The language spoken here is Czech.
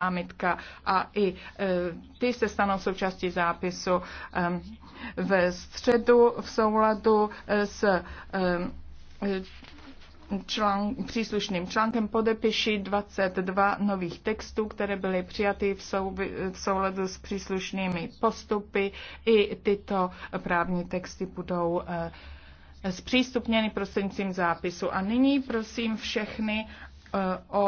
námitka a i e, ty se stanou součástí zápisu ve středu v souladu s člán, příslušným článkem podepiši 22 nových textů, které byly přijaty v, sou, v souladu s příslušnými postupy. I tyto právní texty budou e, zpřístupněny prostřednictvím zápisu. A nyní prosím všechny e, o